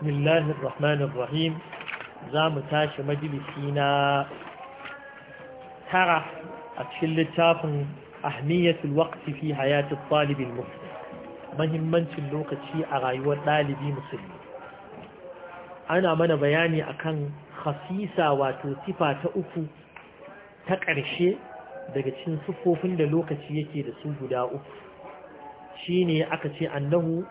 بسم الله الرحمن الرحيم زام تاش مجلسينا ترى أتشل تافن أهمية الوقت في حياة الطالب المسلم مهمان تلوك شيء أغايوة طالبي مسلم أنا من بياني أكن خصيصة وتوصفة أكو تقرشي daga cikin siffofin da lokaci yake da su guda uku shine aka ce annahu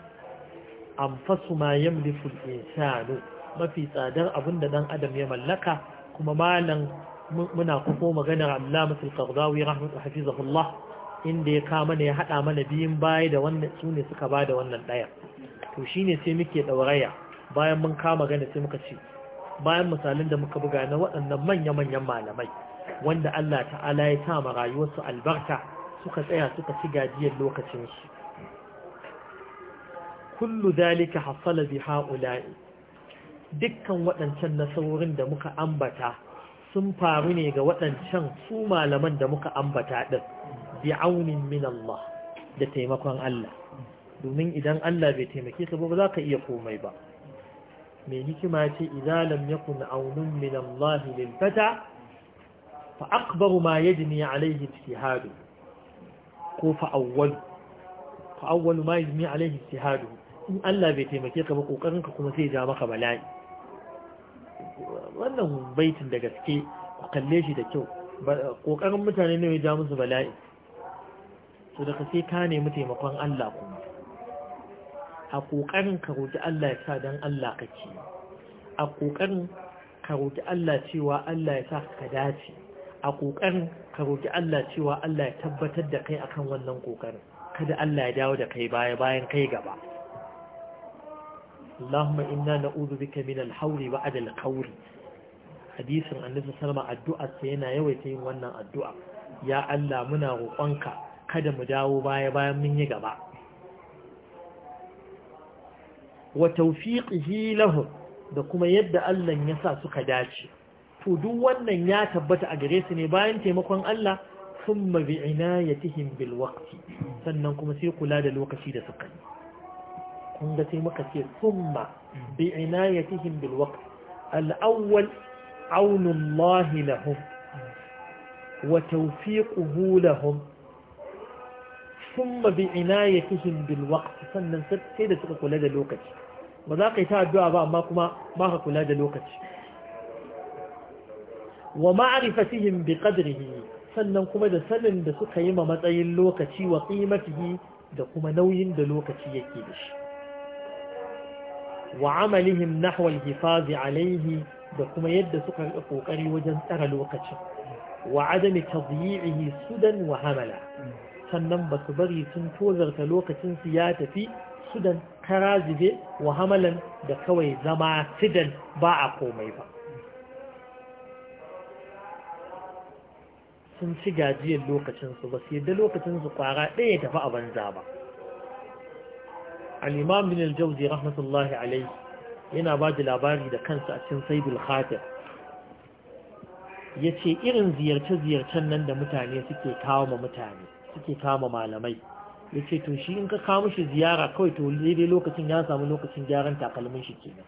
anfasu ma yamliku al-insanu mafi tsadar abinda dan adam ya mallaka kuma malan muna magana maganar Allama al-Qardawi rahmatullahi hafizahullah inda ya kama ne ya hada mana biyin baya da wannan sune suka bada wannan daya to shine sai muke dauraya bayan mun kama gane sai muka ce bayan misalin da muka buga na waɗannan manya-manyan malamai wanda Allah ta'ala ya sa ma rayuwarsu albarka suka tsaya suka ci gajiyar shi kullu zalika hasala bi ha'ula'i dukkan waɗancan nasarorin da muka ambata sun faru ne ga waɗancan su malaman da muka ambata ɗin bi aunin min Allah da taimakon Allah domin idan Allah bai taimake ka ba za ka iya komai ba Me hikima ce idza lam yakun aunun min Allah lil fata fa akbaru ma yajni alayhi ijtihadu ko fa awwal fa awwal ma yajni alayhi ijtihadu in Allah bai taimake ka ba kokarin ka kuma sai ja maka bala'i wannan baitin da gaske ku kalle shi da kyau kokarin mutane ne ya ja musu bala'i to da sai ka nemi taimakon Allah kuma a kokarin ka roki Allah ya sa dan Allah kake a kokarin ka roki Allah cewa Allah ya sa ka dace a kokarin ka roki Allah cewa Allah ya tabbatar da kai akan wannan kokarin kada Allah ya dawo da kai baya bayan kai gaba اللهم إنا نعوذ بك من الحول بعد القول حديث عن النبي صلى الله عليه وسلم الدعاء سينا يويتين وانا الدعاء يا الله منا roƙonka kada mu dawo baya bayan mun yi gaba wa tawfiqihi lahu da kuma yadda Allah ya sa suka dace to duk wannan ya tabbata a gare su ne bayan taimakon Allah thumma bi inayatihim bil waqti sannan kuma sai kula da lokaci da suka yi kun ga sai muka ce summa bi inayatihim bil waqt al awwal aunu Allah lahum wa tawfiquhu lahum summa bi inayatihim bil waqt sannan sai da suka kula da lokaci ba za ka yi ta addu'a ba amma kuma ba ka kula da lokaci wa ma'rifatihim bi qadrihi sannan kuma da sanin da suka yi ma matsayin lokaci wa qimatihi da kuma nauyin da lokaci yake da shi wa amalihim nahwal hifazi alaihi da kuma yadda suka riƙa ƙoƙari wajen tsara lokacin wa adami tadyi'ihi sudan wa hamala sannan ba su bari sun tozarta lokacin su ya tafi sudan karazibe wa hamalan da kawai zama sudan ba a komai ba sun ci gajiyar lokacinsu ba su yadda lokacinsu kwara ɗaya tafi a banza ba al'imam bin aljauzi rahmatullahi alai yana ba da labari da kansa a cin saibul khatir ya ce irin ziyarce-ziyarcen nan da mutane suke kawo ma mutane suke kama malamai ya ce to shi in ka kawo shi ziyara kawai to daidai lokacin ya samu lokacin gyaran takalmin shi kenan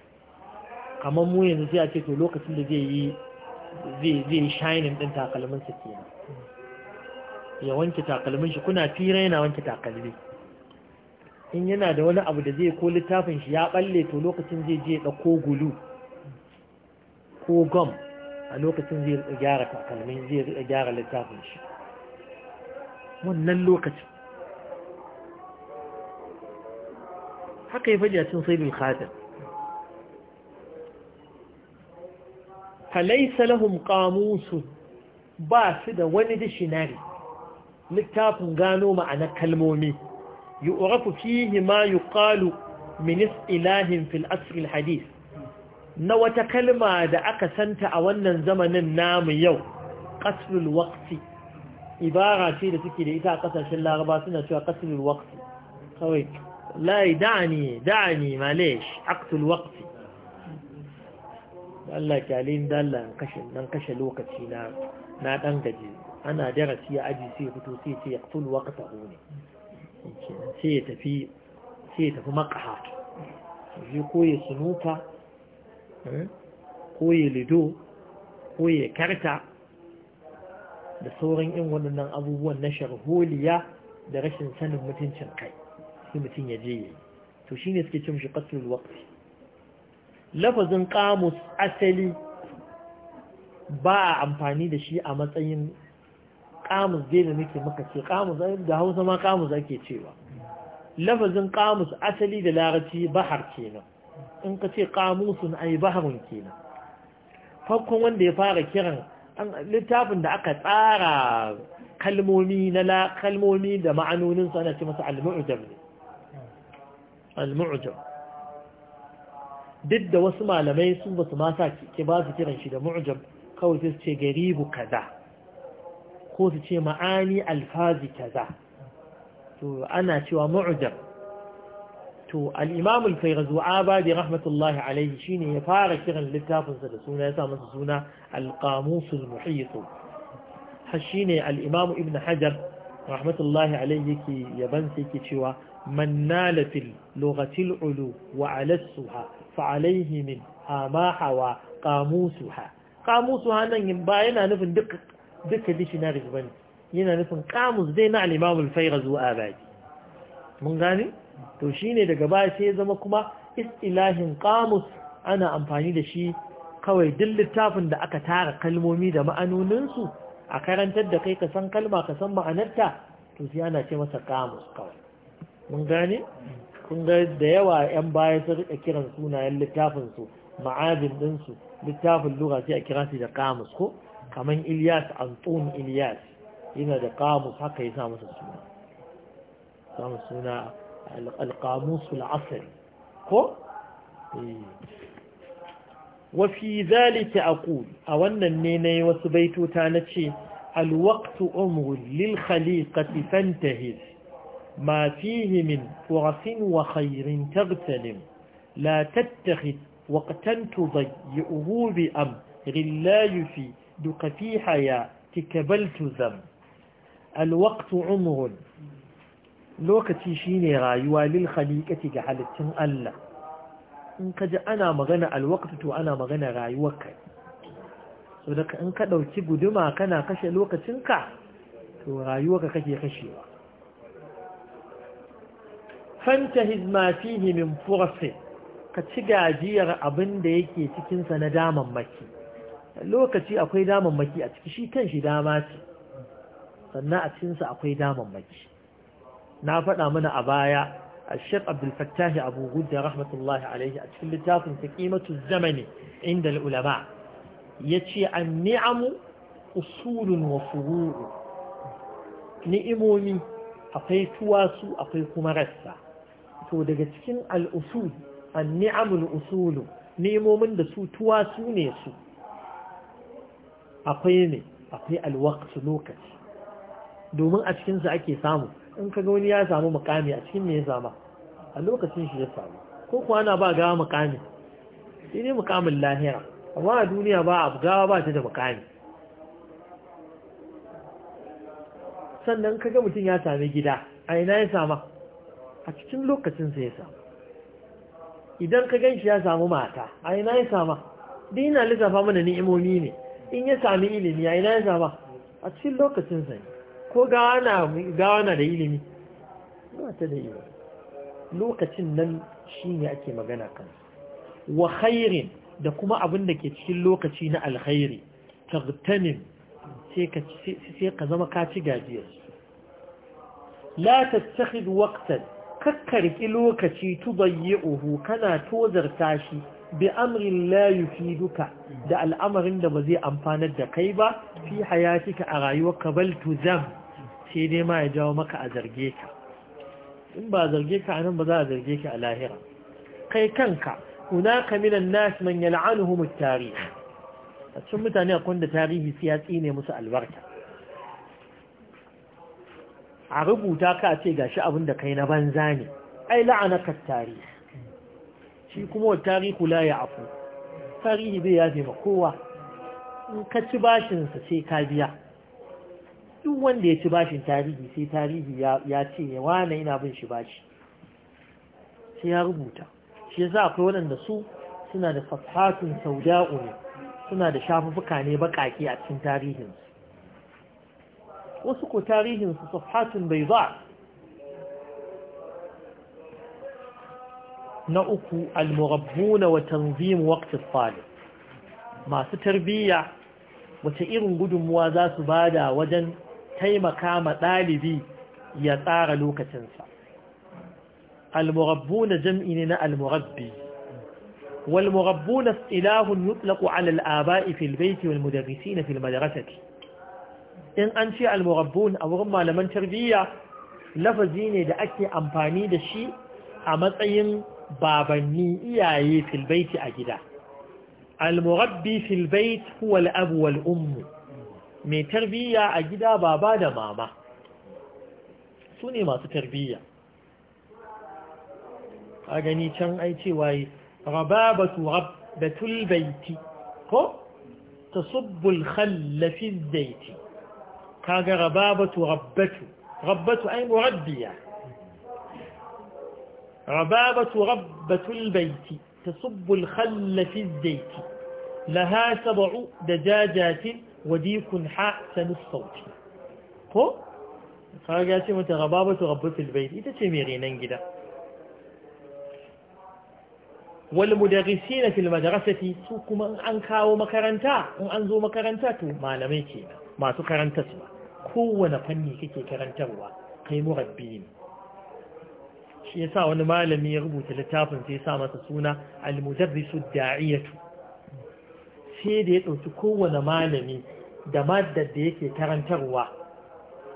kamar mu yanzu sai a ce to lokacin da zai yi zai ɗin shining din takalmin sa kenan ya wanke takalmin shi kuna fira yana wanke takalmi in yana da wani abu da zai ko littafin shi ya balle to lokacin zai je ko gulu ko gom a lokacin zai gyara takalmin zai gyara littafin shi wannan lokacin haka yi faɗi a cin saibin khatar halai salahun kamusu ba su da wani dishinari littafin gano ma'anar kalmomi yu'rafu fihi ma yuqalu min ilahin fil asr al na wata kalma da aka santa a wannan zamanin namu yau qasrul waqti ibara ce da take da ita a kasashen laraba suna cewa qasrul waqti kawai la yadani dani malish aqtul waqti Allah kyalin dalla kashin nan kashe lokaci na na dan ana darasi a aji sai fito sai ce yaqtul waqtahu ne sai ya tafi sai ya tafi makaha ya koye sunuka eh? koye lido koye karta da sauran yin waɗannan abubuwan na sharholiya da rashin sanin mutuncin kai sai mutum ya je yi to shi ne suke cin shi ƙasar wakti lafazin ƙamus asali ba a amfani da shi a matsayin ƙamus dai da muke maka ce ƙamus da hausa ma ƙamus ake cewa lafazin qamus asali da larabci bahar kenan in ka ce qamusun ai baharun kenan farkon wanda ya fara kiran littafin da aka tsara kalmomi na la kalmomi da ma'anonin sana ce masa al-mu'jam al-mu'jam duk da wasu malamai sun basu ma sa ke ba su kiran shi da mu'jam kawai sai su ce garibu kaza ko su ce ma'ani alfazi kaza ana cewa mu'jam to al-imam al abadi rahmatullahi alayhi shine ya fara kiran littafinsa da suna yasa masa suna al-qamus al-muhit shine al-imam ibn hajar rahmatullahi alayhi yake yaban sai yake cewa man nala fil lughati al-ulu wa ala suha fa alayhi min ama hawa qamusuha qamusuha nan ba yana nufin duka duka dictionaries bane yana nufin kamus dai na al'imamul faira zuwa abadi mun gane to shine daga baya sai ya zama kuma istilahin kamus ana amfani da shi kawai duk littafin da aka tara kalmomi da ma'anoninsu a karantar da kai ka san kalma kasan ma'anarta to sai ana ce masa kamus kawai mun gane kun ga da yawa yan baya sun rika kiran sunayen littafin su ma'adin dinsu littafin lura sai a kira shi da kamus ko kaman Ilyas Antun Ilyas yana da kamus haka ya sa masa suna samu suna alƙamusul asali ko? Eh. wafi zalika aqul a wannan ne nayi wasu na nace alwaqtu umru lil khaliqati fantahiz ma fihi min furasin wa khairin tagtalim la tattakhid waqtan tudayyi'uhu bi amri la yufi fi hayatika الوقت عمر lokaci shine rayuwa lil khaliqati ga halittun Allah in ka ji ana magana alwaqtu to ana magana rayuwar kai so da in ka dauki guduma kana kashe lokacinka to rayuwarka kake kashewa fantahiz ma fihi min ka ci gajiyar abin da yake cikinsa sa na lokaci akwai damammaki a ciki shi shi dama ce sannan a cikinsa akwai damammaki na faɗa mana a baya a shek abdulfattahi abu gudda rahmatullahi alaihi a cikin littafin ta ƙimatu zamani inda ulama ya ce an ni'amu usulun wa ni'imomi akwai tuwasu akwai kuma rassa to daga cikin al'usul an ni'amul usulu ni'imomin da su tuwasu ne su akwai ne akwai alwaksu lokaci domin a cikinsa ake samu in ka ga wani ya samu mukami a cikin me ya sama a lokacin shi ya samu ko kuwa ana ba gawa mukami shi ne mukamin lahira amma a duniya ba a gawa ba ta da mukami sannan ka ga mutum ya sami gida a ina ya sama a cikin lokacinsa ya sama idan ka gan shi ya samu mata a ina ya sama da yana lissafa mana ni'imomi ne in ya sami ilimi a ina ya sama a cikin lokacinsa ne ko gawa na da ilimi ba ta da lokacin nan shine ake magana kansu wa khairin da kuma abin da ke cikin lokaci na alkhairi tagtanin sai ka zama ka ci gajiyar la tattakhid waqtan kakkarki lokaci uhu kana tozarta shi bi amrin la duka da al'amarin da ba zai amfanar da kai ba fi cika a rayuwarka bal tuzam sai dai ma ya jawo maka a zarge ka in ba zarge ka anan ba za a zarge ka a lahira kai kanka hunaka minan nas man yal'anuhum at-tarikh a cikin mutane a da tarihi sai ya tsine musu albarka a rubuta ka ce gashi abin da kai na banza ne ai la'anaka at-tarikh shi kuma wa tarihu la ya afu tarihi bai yafe ma kowa in ka ci bashinsa sai ka biya duk wanda ya ci bashin tarihi sai tarihi ya ce ya wane ina bin shi bashi sai ya rubuta shi yasa akwai waɗanda su suna da fashatun sauda'u ne suna da shafuffuka ne baƙaƙe a cikin tarihinsu wasu ko tarihinsu fashatun bai ba na uku almurabbuna wa tanzim waqtin talib masu tarbiyya wace irin gudunmuwa za su ba da wajen taimaka ma ɗalibi ya tsara lokacinsa almurabbuna jam'i ne na almurabbi walmurabbuna ilahun yutlaqu ala al-aba'i fil bayti wal mudarrisina fil madrasati in an ce almurabbun a wurin malaman tarbiyya, lafazi ne da ake amfani da shi a matsayin babanni iyaye filbaiti a gida almurabbi filbait huwa al'abu wal'ummu mai tarbiyya a gida baba da mama su ne masu tarbiyya a gani can ai cewa yi rababatu rabbatul baiti ko ta subbul khallafin zaiti kaga rababatu rabbatu rabbatu ai murabbiya عبابة ربة البيت تصب الخل في الزيت لها سبع دجاجات وديك حاسن الصوت هو فقالت متى غبابة ربة البيت إذا تميرين انجدا والمدرسين في المدرسة سوكم أنكاو مكرنتا وأنزو مكرنتاتو ما لميكينا ما تكرنتسوا كونا كي كرنتوا قيم ربيني shi ya sa wani malami ya rubuta littafin sai ya sa masa suna al-mudarrisu da'iyatu sai da ya ɗauki kowane malami da maddar da yake karantarwa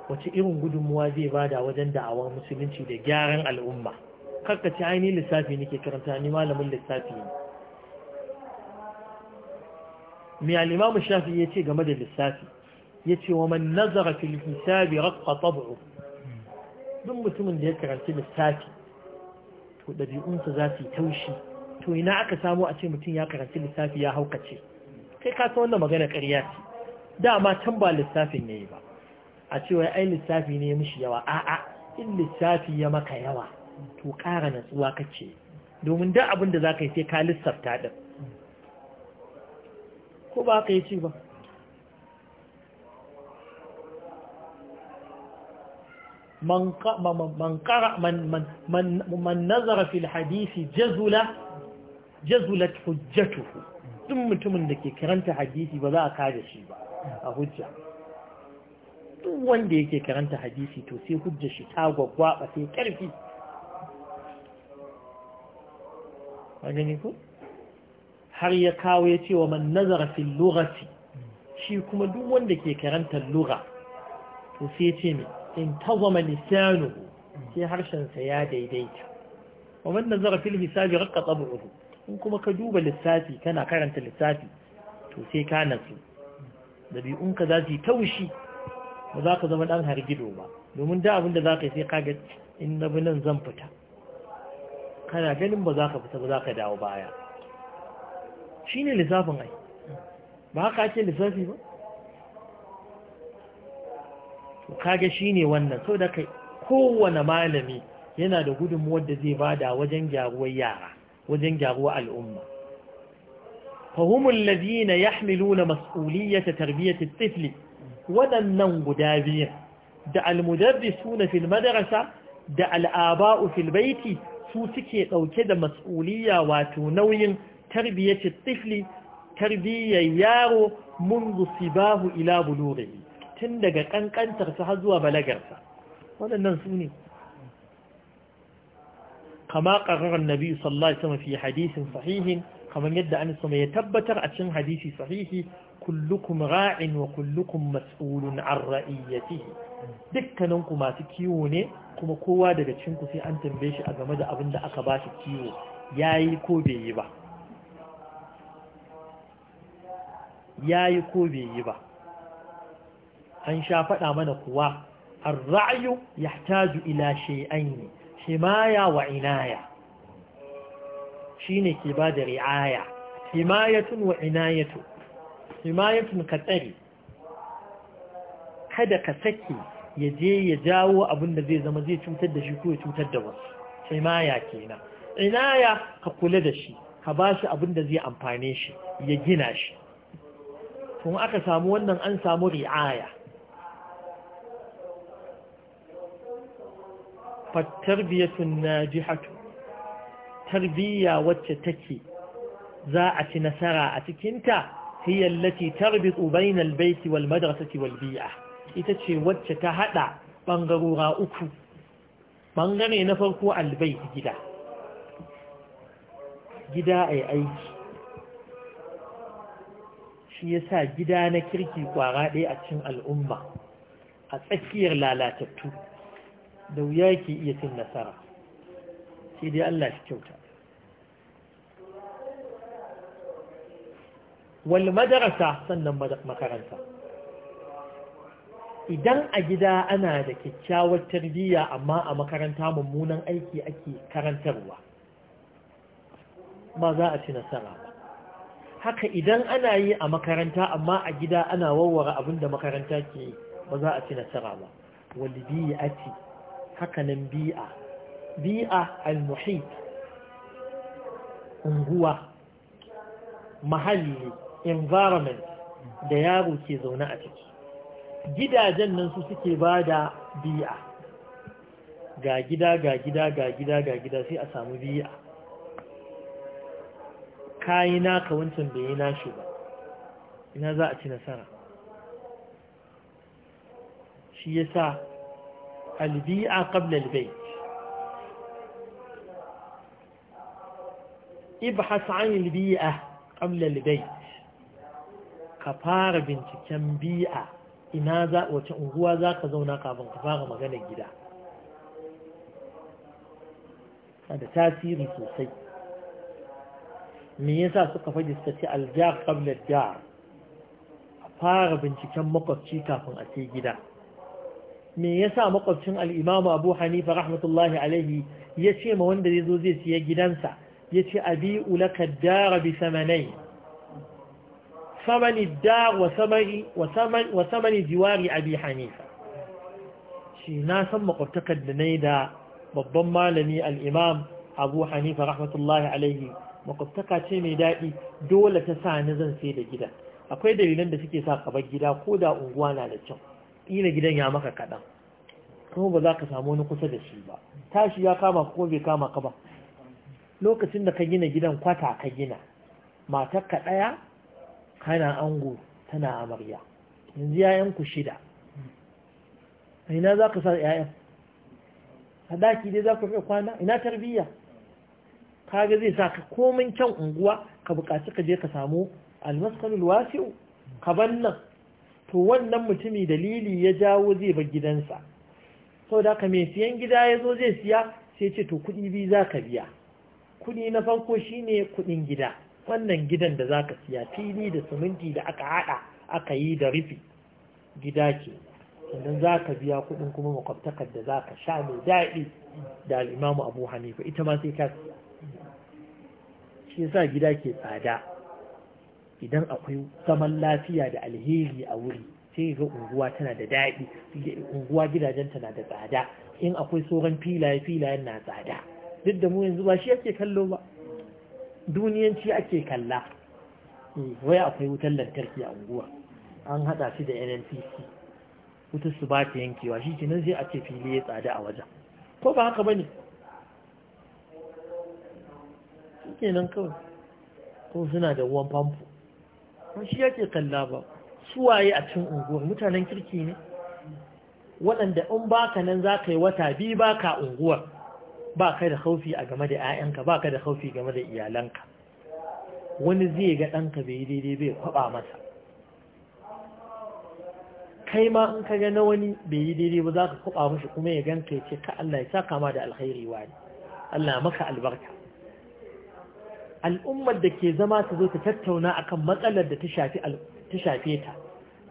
wace irin gudunmuwa zai bada wajen da'awar musulunci da gyaran al'umma karka ci ainihin lissafi nake karanta ni malamin lissafi ne mai alimamu shafi ya ce game da lissafi ya ce wa man nazara fil hisabi raqqa tab'u duk mutumin da ya karanci lissafi to ɗabi'unsa za su yi taushi to ina aka samu a ce mutum ya karanci lissafi ya haukace kai ka san wannan magana ƙarya ce dama can ba lissafin ne ba a ce wai ai lissafi ne mishi yawa a'a in lissafi ya maka yawa to ƙara natsuwa kace domin da abin da za ka yi sai ka lissafta ɗin ko ba ka yi ci ba man qara man nazara fil jazula jazulat hujjatuhu duk mutumin da ke karanta hadisi ba za a shi ba a hujja duk wanda yake karanta hadisi to sai hujja shi ta gwaggwaba sai karfi har ya kawo ya ce wa man nazara fil shi kuma duk wanda ke karanta lugha to sai ce me intazama lisanu sai harshen sa ya daidaita wa man nazara fil hisabi raqqa tab'uhu in kuma ka duba lissafi kana karanta lissafi to sai ka nasu dabi'unka za su taushi ba za ka zama dan hargido ba domin da abin da za ka yi sai ka ga in na bi nan zan fita kana ganin ba za ka fita ba za ka dawo baya shi ne lissafin ai ba haka ake lissafi ba kaga shine wannan so da kai kowane malami yana da gudunmuwar da zai bada wajen gyaruwar yara wajen gyaruwar al'umma fahimul ladina yahmiluna mas'uliyata tarbiyyar tifli waɗannan guda biyan da almudarrisuna fil Filmadarasa da al'aba'u fil baiti su suke ɗauke da mas'uliyya wato nauyin tarbiyyar tifli tarbiyyar yaro منذ صباه ila بلوغه tun daga ƙanƙantarsa har zuwa balagarsa waɗannan su ne kama ƙararren nabi sallallahu alaihi wasallam fi hadisin sahihin kamar yadda an sama ya tabbatar a cikin hadisi sahihi kullukum ra'in wa kullukum mas'ulun an ra'iyatihi dukkanin ku masu kiwo ne kuma kowa daga cikin ku sai an tambaye shi a game da abin da aka ba shi kiwo yayi ko bai yi ba yayi ko bai yi ba an sha faɗa mana kuwa الرعي يحتاج إلى ke ba da شيني كباد wa inayatu. وعناية ka كتري kada ka sake ya je ya jawo abin da zai zama zai cutar da shi ko ya cutar da wasu himaya kenan inaya ka kula da shi ka ba shi abin da zai amfane shi ya gina shi tun aka samu wannan an samu ri'aya fattarbiyatun najihatu tarbiyya wacce take za a ci nasara a cikinta hiya allati tarbitu bainal baiti wal madrasati wal bi'a ita ce wacce ta hada bangarora uku bangare na farko albayt gida gida ai aiki shi yasa gida na kirki kwara ɗaya a cikin al'umma a tsakiyar lalatattu da wuya yake iya cin nasara sai dai Allah shi kyauta wal madarasa sannan makaranta idan a gida ana da kyakkyawar tarbiyya amma a makaranta mummunan aiki ake karantarwa ba za a ci nasara ba haka idan ana yi a makaranta amma a gida ana warware abinda makaranta ke ba za a ci nasara ba walibi ya hakanan bi'a bi'a al-muhit unguwa mahalli environment da yaro ke zaune a ciki gidajen nan su suke ba da bi'a ga gida ga gida ga gida ga gida sai a samu bi'a kayi naka wancan bai yi nashi ba ina za a ci nasara shi yasa albi'a qabla albayt ibhas an albi'a qabla albayt ka fara binciken bi'a ina za wace unguwa za ka zauna kafin ka fara magana gida da tasiri sosai me yasa suka faɗi suka ce aljar qabla dar fara binciken makwabci kafin a sai gida me yasa makwabcin al-Imam Abu Hanifa rahmatullahi alaihi yace ma wanda zai zo zai siya gidansa yace abi'u ula dara bi samanai samani dar wa samani jiwari Abi Hanifa shi na san makwabtakar da yi da babban malami al'imam Abu Hanifa rahmatullahi alaihi makwabtaka ce mai daɗi dole ta sa ni zan sai da gida akwai dalilan da suke sa ka bar gida ko da unguwa na da kyau ƙila gidan ya maka kaɗan kuma ba za ka samu wani kusa da shi ba tashi ya kama ko bai kama ka ba lokacin da ka gina gidan kwata ka gina matar ka ɗaya kana ango tana amarya yanzu yayan ku shida ina za ka sa yayan a daki dai za ku fi kwana ina tarbiyya kaga zai sa ka komin kyan unguwa ka buƙaci ka je ka samu almaskalul wasi'u ka bannan to wannan mutumi dalili ya jawo zai bar gidansa sau da aka mai siyan gida ya zo zai siya sai ce to kuɗi biyu za ka biya kuɗi na farko shi ne kuɗin gida wannan gidan da za ka siya fili da siminti da aka haɗa aka yi da rufi gida ke sannan za ka biya kuɗin kuma makwabtakar da za ka sha mai daɗi da al'imamu abu hanifa ita ma sai ka siya shi yasa gida ke tsada idan akwai zaman lafiya da alheri a wuri sai ga unguwa tana da daɗi unguwa gidajen tana da tsada in akwai tsoron filaye filayen na tsada duk da mu yanzu ba shi ake kallo ba duniyanci ake kalla eh, wai akwai wutar lantarki a unguwa an haɗa shi da nnpc wutar su ba ta yankewa shi kenan sai a ce fili ya tsada a wajen ko ba haka ba ne kenan kawai ko suna da ruwan famfo kuma shi yake kalla ba suwaye a cikin unguwar mutanen kirki ne waɗanda in baka nan za ka yi wata biyu baka unguwar ba ka da haufi a game da 'ya'yanka ba ka da haufi game da iyalanka wani zai ga ɗanka bai daidai bai kwaɓa masa kai ma in ka ga na wani bai yi daidai ba za ka kwaɓa mashi kuma ya ganka ya ce ka Allah ya sa kama da alkhairi wani Allah maka albarka al'ummar da ke zama ta zo ta tattauna akan matsalar da ta shafe ta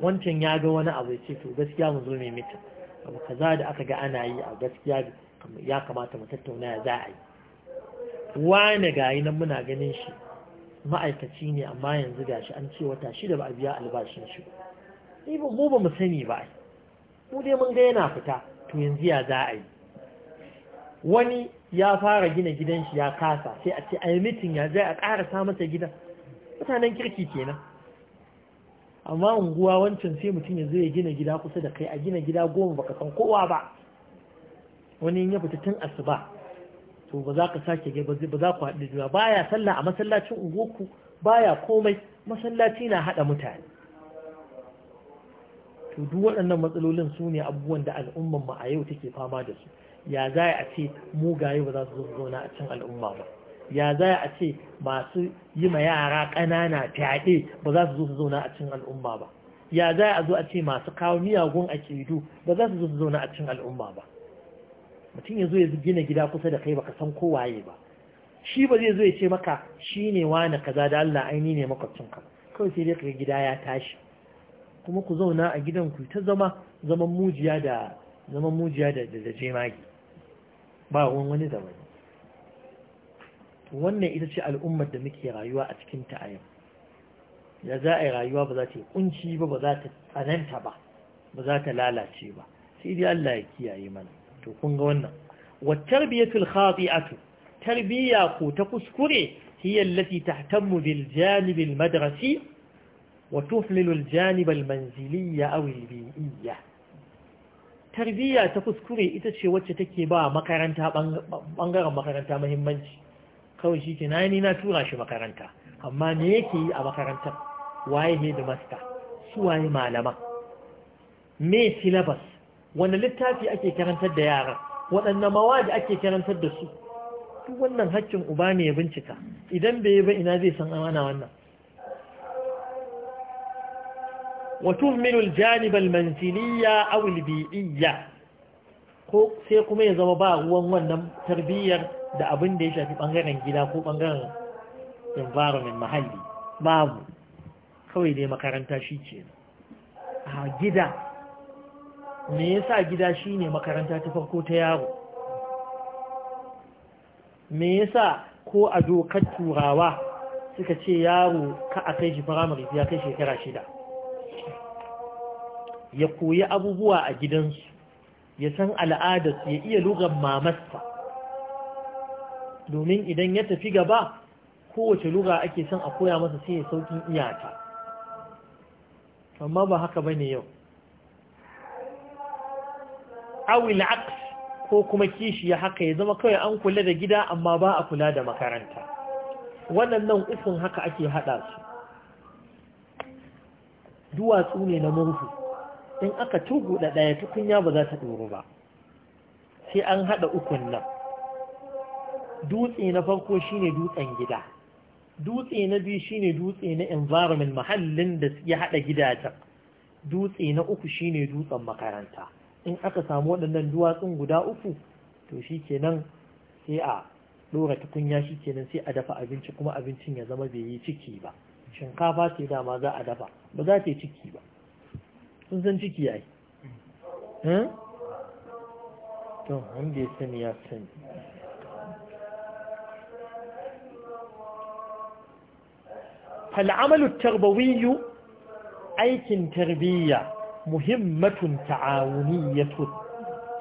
wancan ya ga wani abu ce to gaskiya mu zo mita abu kaza da aka ga ana yi a gaskiya ya kamata mu tattauna ya za a yi wane yi nan muna ganin shi ma'aikaci ne amma yanzu shi an ce wata shi da ba a biya albashin shi ba mu ba mu sani ba mu dai mun ga yana fita to yanzu ya za a yi wani ya fara gina gidan shi ya kasa sai a ce a yi mitin ya zai a ƙarasa masa gidan mutanen kirki kenan amma unguwa wancan sai mutum ya zai gina gida kusa da kai a gina gida goma baka san kowa ba wani ya fita tun asuba to ba za ka sake gai ba za ku haɗu juna baya sallah a masallacin unguwarku baya komai masallaci na haɗa mutane to duk waɗannan matsalolin su ne abubuwan da al'ummar mu a yau take fama da su ya za a ce mugaye ba za su zauna a cin al'umma ba ya za a ce masu yi ma yara ƙanana fyaɗe ba za su zo su zauna a cin al'umma ba ya za a zo a ce masu kawo miyagun akidu ba za su zo su zauna a cin al'umma ba mutum ya zo ya gina gida kusa da kai baka san kowaye ba shi ba zai zo ya ce maka shi ne wani kaza da Allah aini ne ka. kawai sai dai kaga gida ya tashi kuma ku zauna a gidan ku ta zama zaman mujiya da zaman mujiya da jemagi ba ruwan wani zamani. wannan ita ce al'ummar da muke rayuwa a cikin ta a yau da za a yi rayuwa ba za ta yi kunci ba ba za ta tsananta ba ba za ta lalace ba sai dai Allah ya kiyaye mana to kun ga wannan wa tarbiyatul khati'atu tarbiyya ko ta kuskure hiya allati tahtammu bil janib al madrasi wa tuflilu al janib al manziliyya aw al bi'iyya tarbiyya ta kuskure ita ce wacce take ba makaranta bangaren makaranta mahimmanci kawai shi ke ni na tura shi makaranta amma me yake yi a makarantar waye ne da masta su waye malama me syllabus wani littafi ake karantar da yaran waɗanne da ake karantar da su duk wannan haƙƙin uba ne ya bincika idan bai yi ba ina zai san amana wannan وتهمل الجانب المنزلي أو البيئي ko sai kuma ya zama ba ruwan wannan tarbiyyar da abin da ya shafi bangaren gida ko bangaren environment mahalli babu kawai dai makaranta shi ce a gida me yasa gida shine makaranta ta farko ta yaro me yasa ko a dokar turawa suka ce yaro ka a kai shi firamare ya kai shekara shida ya koyi abubuwa a gidansu ya san al'adarsu ya iya lugar mamasta domin idan ya tafi gaba kowace lugar ake son a koya masa sai ya saukin iyata amma ba haka bane yau awil aks ko kuma kishi ya haka ya zama kawai an kula da gida amma ba a kula da makaranta waɗannan ukun haka ake haɗa su duwatsu ne na murhu in aka da ɗaya tukunya ba za ta ɗoro ba sai an haɗa ukun nan dutse na farko shine dutsen gida dutse na biyu shine dutse na environment mahallin da ya haɗa gidajen dutse na uku shine dutsen makaranta in aka samu waɗannan duwatsun guda uku to shi kenan sai a ɗora tukunya shi kenan sai a dafa abinci kuma abincin ya zama bai yi ciki ba shinkafa ce dama za a dafa ba za ta yi ciki ba Kun san ciki ya yi eh? to ya sani ya sani fal'amalin tarbawiyu aikin tarbiyya muhimmatun ta'awuniyatun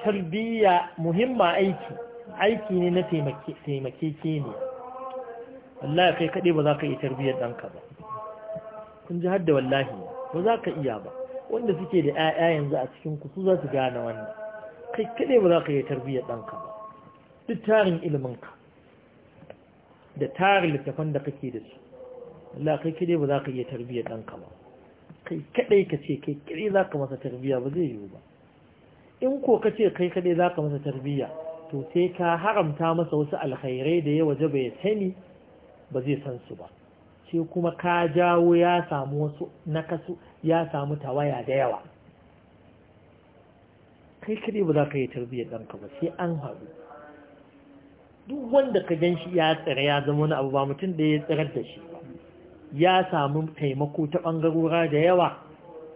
tarbiyya muhimma aiki aiki ne na taimake ne wallahi kai kaɗe ba za ka yi tarbiyyar ɗanka ba kun ji har da wallahi ba za ka iya ba wanda suke da 'ya'ya yanzu a cikin ku su za su gane wannan kai kaɗai ba za ka yi tarbiyyar ɗanka ba duk tarin iliminka da tarin littafan da kake da su Allah kai kaɗai ba za ka iya tarbiyyar ɗanka ba kai kaɗai ka ce kai kaɗai za ka masa tarbiyya ba zai yiwu ba in ko ka ce kai kaɗai za ka masa tarbiyya to sai ka haramta masa wasu alkhairai da ya waje bai sani ba zai san su ba sai kuma ka jawo ya samu wasu nakasu ya samu tawaya da yawa kai kare ba za ka yi tarbiyyar ɗanka ba sai an haɗu duk wanda ka gan shi ya tsira ya zama wani abu ba mutum da ya tsirar da shi ya samu taimako ta ɓangarora da yawa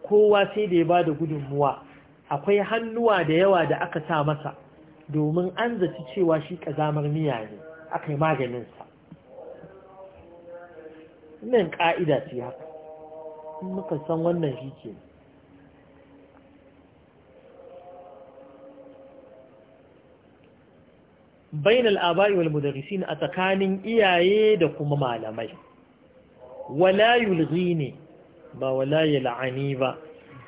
kowa sai da ya ba da gudunmuwa akwai hannuwa da yawa da aka sa masa domin an zaci cewa shi ƙazamar miya ne aka yi maganinsa nan ƙa'ida ce haka in muka san wannan shi ke bain al'aba'i wal mudarrisin a tsakanin iyaye da kuma malamai wala ne, ba wala yal'ani ba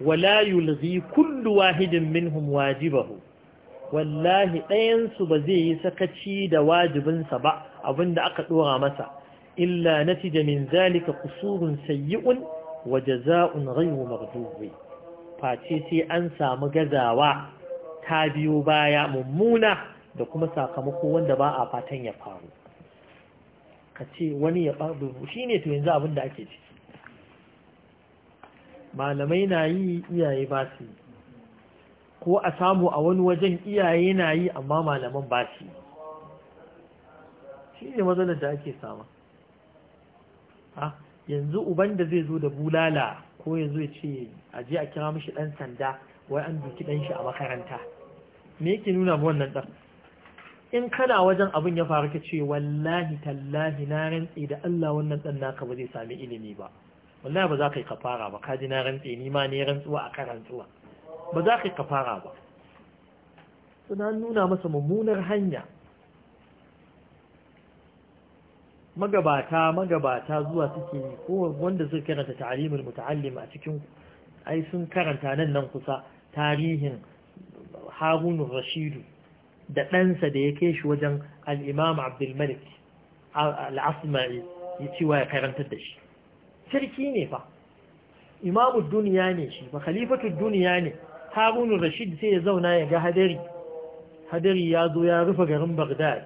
wala yulghi kullu wahidin minhum wajibahu wallahi ɗayansu ba zai yi sakaci da wajibinsa ba abinda aka ɗora masa illa natija min zalika kusurun sayyi'un wa jaza'un ghayru maghdubi face sai an samu gazawa ta biyo baya mummuna da kuma sakamako wanda ba a fatan ya faru ka ce wani ya faru shine to yanzu abin da ake ci malamai na yi iyaye ba su ko a samu a wani wajen iyaye na yi amma malaman ba su shi ne matsalar da ake sama ah, yanzu uban da zai zo da bulala ko yanzu ya ce a je a kira mishi dan sanda wai an duki dan shi a makaranta me yake nuna ba wannan dan in kana wajen abin ya faru ka ce wallahi tallahi na rantsi da Allah wannan dan naka ba zai sami ilimi ba wallahi ba za ka yi kafara ba ka ji na rantsi ni ma ne rantsuwa a karantsuwa ba za ka yi kafara ba suna nuna masa mummunar hanya magabata magabata zuwa suke ko wanda suka karanta ta'alimul muta'allim a cikin ai sun karanta nan nan kusa tarihin Harun Rashidu da ɗansa da ya kai shi wajen al-Imam Abdul Malik al-Asma'i ya wa ya karantar da shi sarki ne fa imamu duniya ne shi ba khalifatu duniya ne Harun Rashid sai ya zauna ya ga hadari hadari ya zo ya rufe garin Baghdad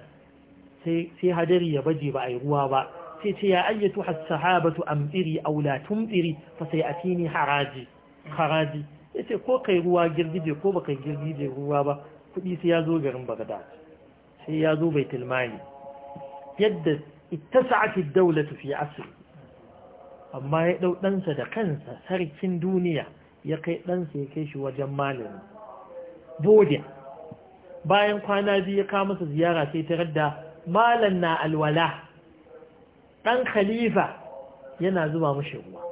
sai hadari ya baje ba a yi ruwa ba sai ce ya ayyatu as-sahabatu amdiri aw la tumdiri fa sayatini haraji haraji yace ko kai ruwa girgije ko baka girgije ruwa ba kudi sai ya zo garin bagada sai ya zo Baitul Mali yadda ittasa'at ad-dawlatu fi asr amma ya dau ɗansa da kansa sarkin duniya ya kai ɗansa ya kai shi wajen malami bodin bayan kwana biyu ya kawo masa ziyara sai tarar da malan na alwala ɗan khalifa yana zuba mashi ruwa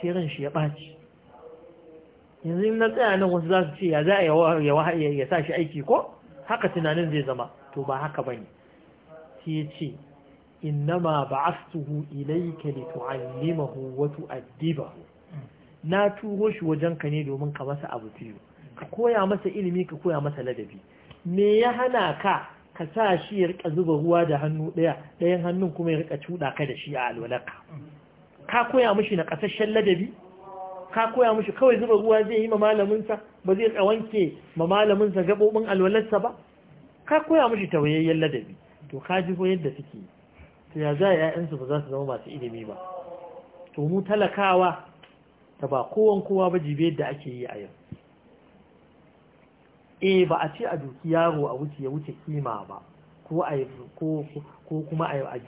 Shirin shi ya ɓaci yanzu na tsaya nan wasu za su ce ya za a ya sa shi aiki ko haka tunanin zai zama to ba haka ba ne shi ya ce ba to an ilayka hu wato addiba. na turo shi wajenka ne domin ka masa abu biyu ka koya masa ilimi ka koya masa ladabi me ya hana ka ka sa shi ya rika zuba ruwa da hannu ɗaya ɗayan hannun kuma ya rika cuɗa ka da shi a alwalarka ka koya mishi na ƙasashen ladabi ka koya mishi kawai zuba ruwa zai yi ma ba zai wanke ma malaminsa gaɓoɓin alwalarsa ba ka koya mishi tawayayyen ladabi to ka ji ko yadda suke to ya za ‘ya'yansu ba za su zama masu ilimi ba to mu talakawa ta ba kowan kowa ba jibe yadda ake yi a yau eh ba a ce a doki yaro a wuce ya wuce kima ba ko a ko kuma a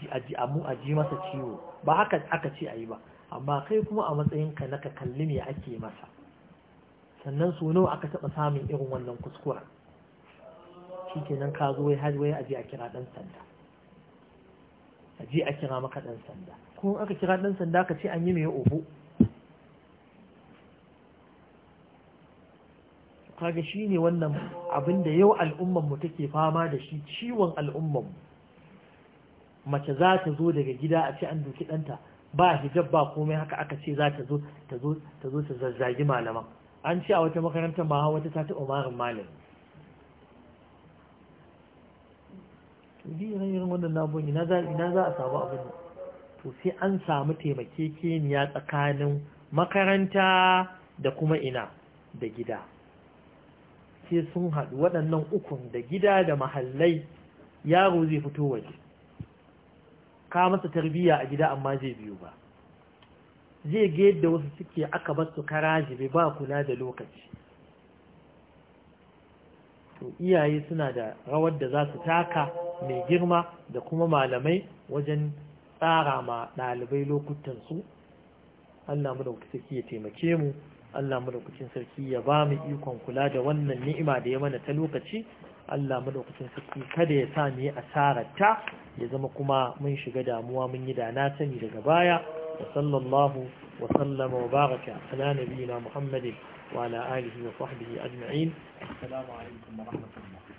ji masa ciwo ba haka aka ce a yi ba amma kai kuma a matsayinka na ka kalli me ake masa sannan so nawa aka taɓa samun irin wannan kuskura shi kenan ka zo wai hajjwai a a kira ɗan sanda a a kira maka ɗan sanda ko aka kira ɗan sanda ka ce an yi mai obo kaga shi ne wannan abin da yau al'ummanmu take fama da shi ciwon al'ummanmu mace za ta zo daga gida a ce an doki ɗanta ba hijab ba komai haka aka ce za ta zo ta zo ta zazzagi malaman an ce a wata makarantar ma wata ta taɓa marin malami biyu irin wannan nabon ina za a samu abin to sai an samu taimakekeniya tsakanin makaranta da kuma ina da gida sai sun haɗu waɗannan ukun da gida da mahallai yaro zai fito waje ka masa tarbiyya a gida amma zai biyu ba zai ga yadda wasu suke aka bar su karaji bai ba kula da lokaci to iyaye suna da rawar da za su taka mai girma da kuma malamai wajen tsara ma ɗalibai lokutan su. Allah mu da ya taimake mu Allah madaukakin sarki ya ba mu ikon kula da wannan ni'ima da ya mana ta lokaci Allah madaukakin sarki kada ya sa mu yi asararta ya zama kuma mun shiga damuwa mun yi da na sani daga baya wa sallallahu wa sallama wa baraka ala nabiyina Muhammadin wa ala alihi wa sahbihi ajma'in assalamu alaikum wa rahmatullah